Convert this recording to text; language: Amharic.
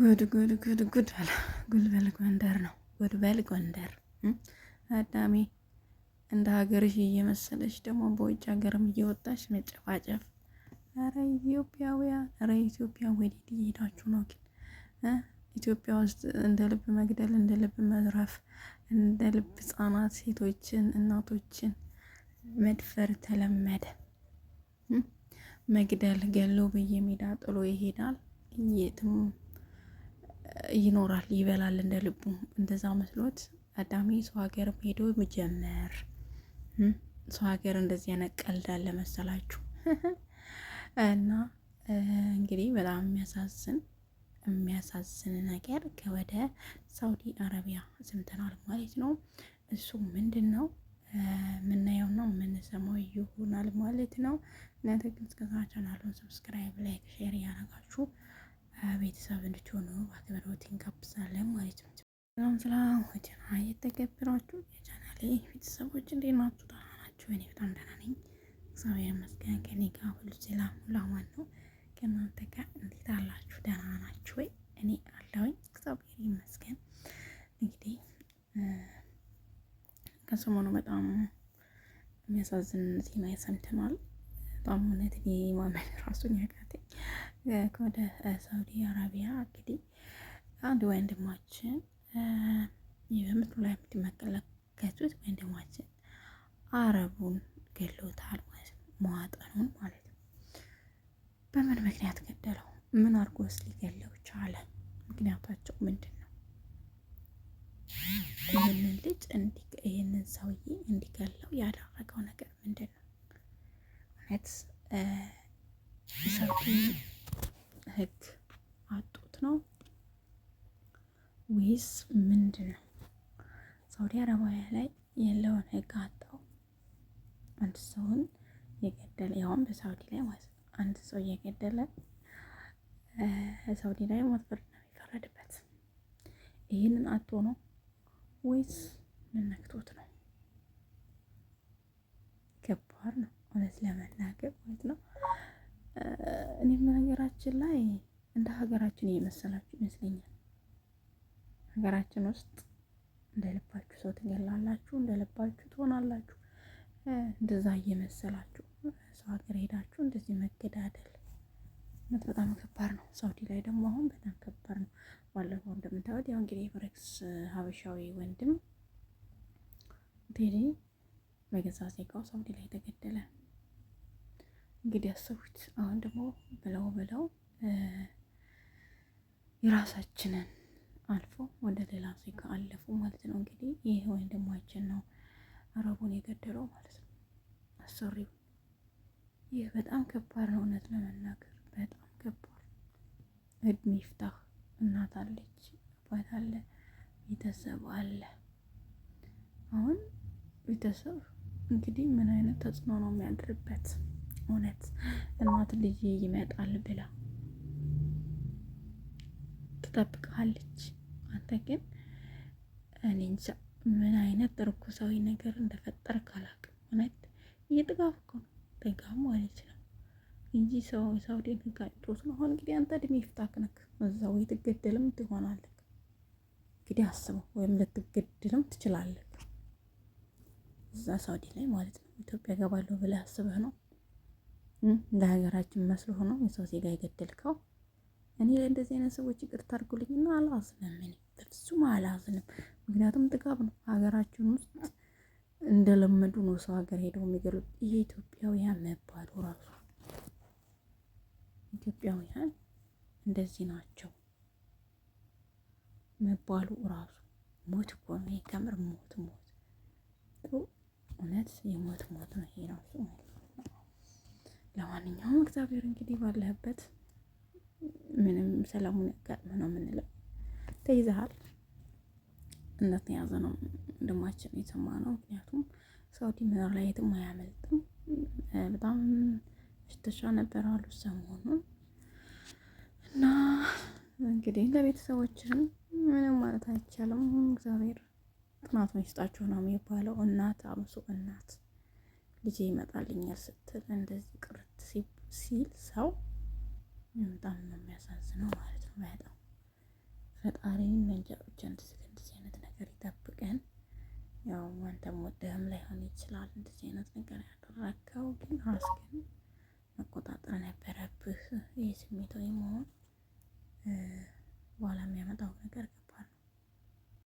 ጉድ ጉድ ጉድ ጉድ አለ። ጉልበል ጎንደር ነው። ጉልበል ጎንደር አዳሜ እንደ ሀገርሽ እየመሰለች ደግሞ በውጭ ሀገርም እየወጣች መጨፋጨፍ። ኧረ ኢትዮጵያውያን፣ ኧረ ኢትዮጵያ ወዴት እየሄዳችሁ ነው ግን? ኢትዮጵያ ውስጥ እንደ ልብ መግደል፣ እንደ ልብ መዝረፍ፣ እንደ ልብ ሕጻናት ሴቶችን፣ እናቶችን መድፈር ተለመደ። መግደል ገሎ በየሜዳ ጥሎ ይሄዳል የትም ይኖራል፣ ይበላል እንደ ልቡ። እንደዛ መስሎት አዳሚ ሰው ሀገር ሄዶ መጀመር ሰው ሀገር እንደዚህ አይነት ቀልድ አለ መሰላችሁ። እና እንግዲህ በጣም የሚያሳዝን የሚያሳዝን ነገር ከወደ ሳውዲ አረቢያ ስምተናል ማለት ነው። እሱ ምንድን ነው የምናየው ነው የምንሰማው ይሆናል ማለት ነው። እናንተ ግን እስከዛ ቻናሉን ሰብስክራይብ፣ ላይክ፣ ሼር እያደረጋችሁ ቤተሰብ እንድትሆኑ በአክብሮት እንጋብዛለን ማለት ነው። ሰላም ሰላም፣ ወጀና የተከበራችሁ የቻናሌ ቤተሰቦች እንዴት ናችሁ? ደህና ናችሁ? እኔ በጣም ደህና ነኝ፣ እግዚአብሔር ይመስገን። ከኔ ጋር ሁሉ ሰላም ሁሉ አማን ነው። ከእናንተ ጋር እንዴት አላችሁ? ደህና ናችሁ ወይ? እኔ አለሁኝ፣ እግዚአብሔር ይመስገን። እንግዲህ ከሰሞኑ በጣም የሚያሳዝን ዜና ሰምተናል። በጣም እውነት እኔ ማመን ራሱን ያቃተኝ ወደ ሳውዲ አረቢያ እንግዲህ አንድ ወንድማችን በምስሉ ላይ የምትመለከቱት ወንድማችን አረቡን ገሎታል ማለት ነው። መዋጠኑን ማለት ነው። በምን ምክንያት ገደለው? ምን አድርጎስ ሊገለው ቻለ? ምክንያታቸው ምንድን ነው? ይህንን ልጅ ይህንን ሰውዬ እንዲገለው ያደረገው ነገር ምንድን ነው? እውነት ሰው ህግ አጡት ነው ወይስ ምንድን ነው? ሳውዲ አረቢያ ላይ ያለውን ህግ አጣው። አንድ ሰውን የገደለ ያውም በሳውዲ ላይ ማለት ነው። አንድ ሰው እየገደለ ሳውዲ ላይ ሞት ፍርድ ነው የሚፈረድበት። ይህንን አቶ ነው ወይስ ምን ነክቶት ነው? ከባድ ነው እውነት ለመናገር ማለት ነው። እኔም በነገራችን ላይ እንደ ሀገራችን እየመሰላችሁ ይመስለኛል። ሀገራችን ውስጥ እንደ ልባችሁ ሰው ትገላላችሁ፣ እንደ ልባችሁ ትሆናላችሁ። እንደዛ እየመሰላችሁ ሰው ሀገር ሄዳችሁ እንደዚህ መገዳደል ነት በጣም ከባድ ነው። ሳውዲ ላይ ደግሞ አሁን በጣም ከባድ ነው። ባለፈው እንደምታዩት ያው እንግዲህ የፍሬክስ ሀበሻዊ ወንድም ቴዲ በገዛ ዜጋው ሳውዲ ላይ ተገደለ። እንግዲህ ያሰቡት። አሁን ደግሞ ብለው ብለው የራሳችንን አልፎ ወደ ሌላ ዜጋ አለፉ ማለት ነው። እንግዲህ ይህ ወንድማችን ነው አረቡን የገደለው ማለት ነው። አሰሪው ይህ በጣም ከባድ ነው፣ እውነት ለመናገር በጣም ከባድ እድሜ ይፍታህ። እናት አለች፣ አባት አለ፣ ቤተሰብ አለ። አሁን ቤተሰብ እንግዲህ ምን አይነት ተጽዕኖ ነው የሚያድርበት? እውነት እናት ልጅ ይመጣል ብላ ትጠብቃለች። አንተ ግን እኔ እንጃ ምን አይነት ርኩሳዊ ነገር እንደፈጠር ካላቅ እውነት እየጥጋፍ እኮ ነው ጥጋፍ ማለት ነው እንጂ ሰው ሳውዲ ህግ አይጦት ነው። አሁን እንግዲህ አንተ እድሜ ይፍታክ ነክ እዛው የትገደልም ትሆናለህ። እንግዲህ አስበው ወይም ልትገድልም ትችላለህ እዛ ሳውዲ ላይ ማለት ነው። ኢትዮጵያ ገባለሁ ብለህ አስበህ ነው እንደ ሀገራችን መስሎ ሆኖ የሰው ዜጋ የገደልከው። እኔ ለእንደዚህ አይነት ሰዎች ይቅርታ አድርጉልኝና አላዝንም። እኔ በፍጹም አላዝንም። ምክንያቱም ጥጋብ ነው። ሀገራችን ውስጥ እንደለመዱ ነው ሰው ሀገር ሄደው የሚገሉት። ይሄ ኢትዮጵያውያን መባሉ ራሱ ኢትዮጵያውያን እንደዚህ ናቸው መባሉ ራሱ ሞት እኮ ነው። ከምር ሞት ሞት እውነት የሞት ሞት ነው ይሄ ራሱ ማለት ነው። ለማንኛውም እግዚአብሔር እንግዲህ ባለህበት ምንም ሰላሙን ያጋጥመ ነው የምንለው። ተይዘሃል እንደተያዘ ነው ወንድማችን የሰማ ነው። ምክንያቱም ሳውዲ ምድር ላይ የትም አያመልጥም። በጣም ፍተሻ ነበር አሉ ሰሞኑን እና እንግዲህ ለቤተሰቦችን ምንም ማለት አይቻልም። እግዚአብሔር ጥናቱን ይስጣችሁ ነው የሚባለው። እናት አብሶ እናት ልጄ ይመጣልኛል ስትል እንደዚህ ቅርት ሲል ሰው በጣም ነው የሚያሳዝነው ማለት ነው። በጣም ፈጣሪን መንጃ ብቻ እንደዚህ ከእንደዚህ አይነት ነገር ይጠብቀን። ያው አንተም ወደህም ላይሆን ይችላል እንደዚህ አይነት ነገር ያደረከው፣ ግን ራስህን መቆጣጠር ነበረብህ። ይህ ስሜታዊ መሆን በኋላ የሚያመጣው ነገር